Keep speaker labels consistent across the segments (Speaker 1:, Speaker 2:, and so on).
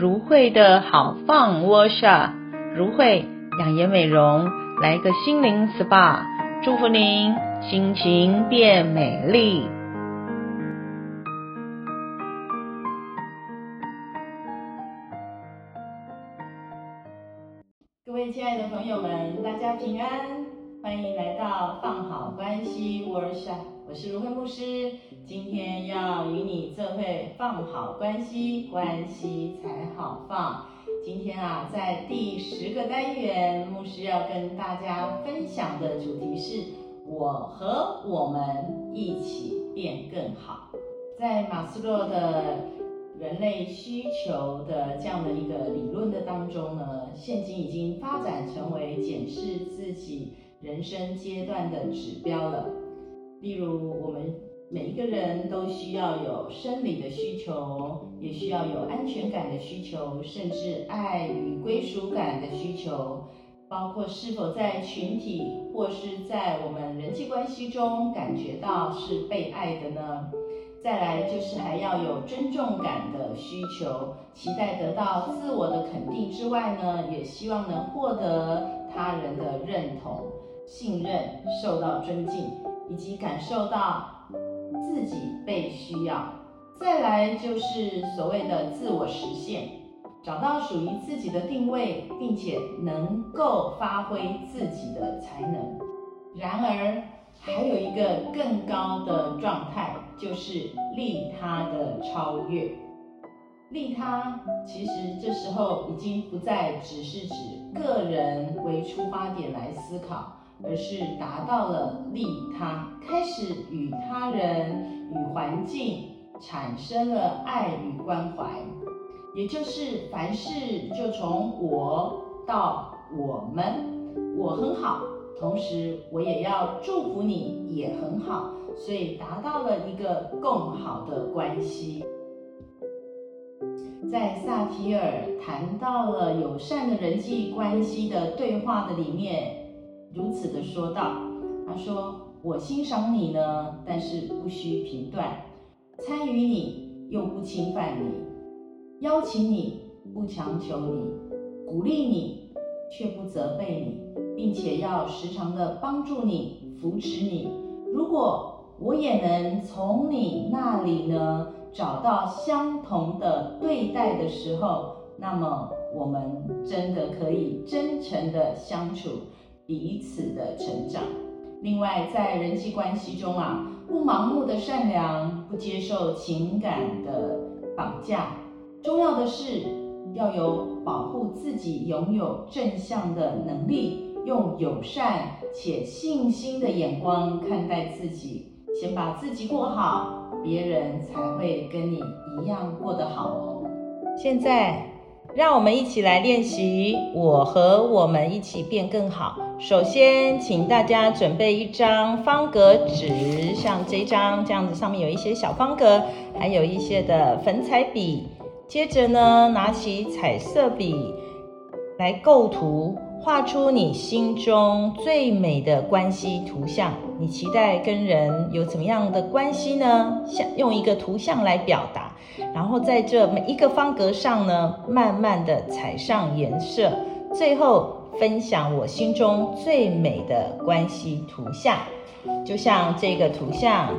Speaker 1: 蘆薈的好 Fun workshop 蘆薈養顏美容來個心靈 SPA，祝福您心情變美麗。各位親愛的朋友們，大家平安，歡迎來到 Fun 好關係 workshop 我是如慧牧師，今天要與你最會放好關係，關係才好放。今天啊，在第十個單元，牧師要跟大家分享的主題是“我和我們一起變更好”。在馬斯洛的人類需求的這樣的一個理論的當中呢，現今已經發展成為檢視自己人生階段的指標了。例如，我們每一個人都需要有生理的需求，也需要有安全感的需求，甚至愛與歸屬感的需求。包括是否在群體或是在我們人際關係中感覺到是被愛的呢？再來就是還要有尊重感的需求，期待得到自我的肯定之外呢，也希望能獲得他人的認同、信任、受到尊敬。以及感受到自己被需要，再來就是所謂的自我實現，找到屬於自己的定位，並且能夠發揮自己的才能。然而，還有一個更高的狀態，就是利他的超越。利他其實這時候已經不再只是指個人為出發點來思考。而是達到了利他，開始與他人、與環境產生了愛與關懷，也就是凡事就從我到我們，我很好，同時我也要祝福你也很好，所以達到了一個更好的關係。在薩提爾談到了友善的人際關係的對話的裡面。如此的說道：“他說，我欣賞你呢，但是不需評斷；參與你又不侵犯你，邀請你不強求你，鼓勵你卻不責備你，並且要時常的幫助你、扶持你。如果我也能從你那裡呢找到相同的對待的時候，那麼我們真的可以真誠的相處。”彼此的成長。另外，在人際關係中啊，不盲目的善良，不接受情感的綁架。重要的是要有保護自己、擁有正向的能力，用友善且信心的眼光看待自己。先把自己過好，別人才會跟你一樣過得好哦。現在。讓我們一起來練習，我和我們一起變更好。首先，請大家準備一張方格紙，像這張這樣子，上面有一些小方格，還有一些的粉彩筆，接着呢，拿起彩色筆來構圖。畫出你心中最美的關係圖像。你期待跟人有怎麼樣的關係呢？想用一個圖像來表達，然後在這每一個方格上呢，慢慢的彩上顏色，最後分享我心中最美的關係圖像。就像這個圖像，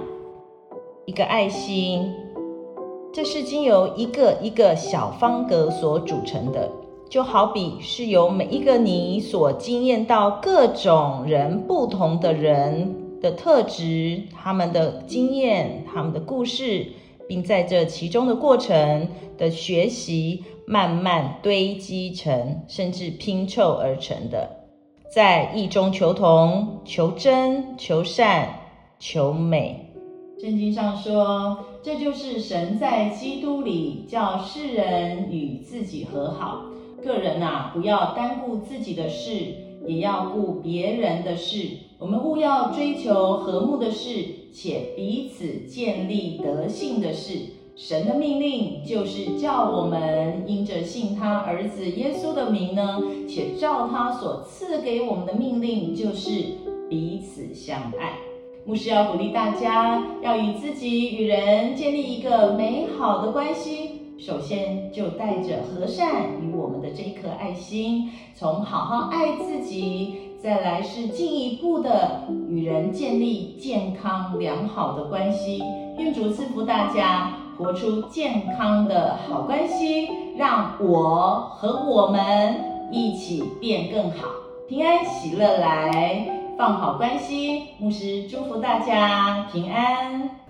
Speaker 1: 一個愛心，這是經由一個一個小方格所組成的。就好比是由每一個你所經驗到各種人不同的人的特質、他們的經驗、他們的故事，並在這其中的過程的學習，慢慢堆積成，甚至拼湊而成的。在異中求同、求真、求善、求美。聖經上說，這就是神在基督裡叫世人與自己和好，各人吶、啊，不要單顧自己的事，也要顧別人的事。我們務要追求和睦的事，且彼此建立德行的事。神的命令就是叫我們因着信他兒子耶穌的名呢，且照他所賜給我們的命令，就是彼此相愛。牧師要鼓勵大家，要與自己、與人建立一個美好的關係。首先就帶着和善與我們的這一顆愛心，從好好愛自己，再來是進一步的與人建立健康良好的關係。願主賜福大家，活出健康的好關係，讓我和我們一起變更好，平安喜樂來，Fun 好關係。牧師祝福大家平安。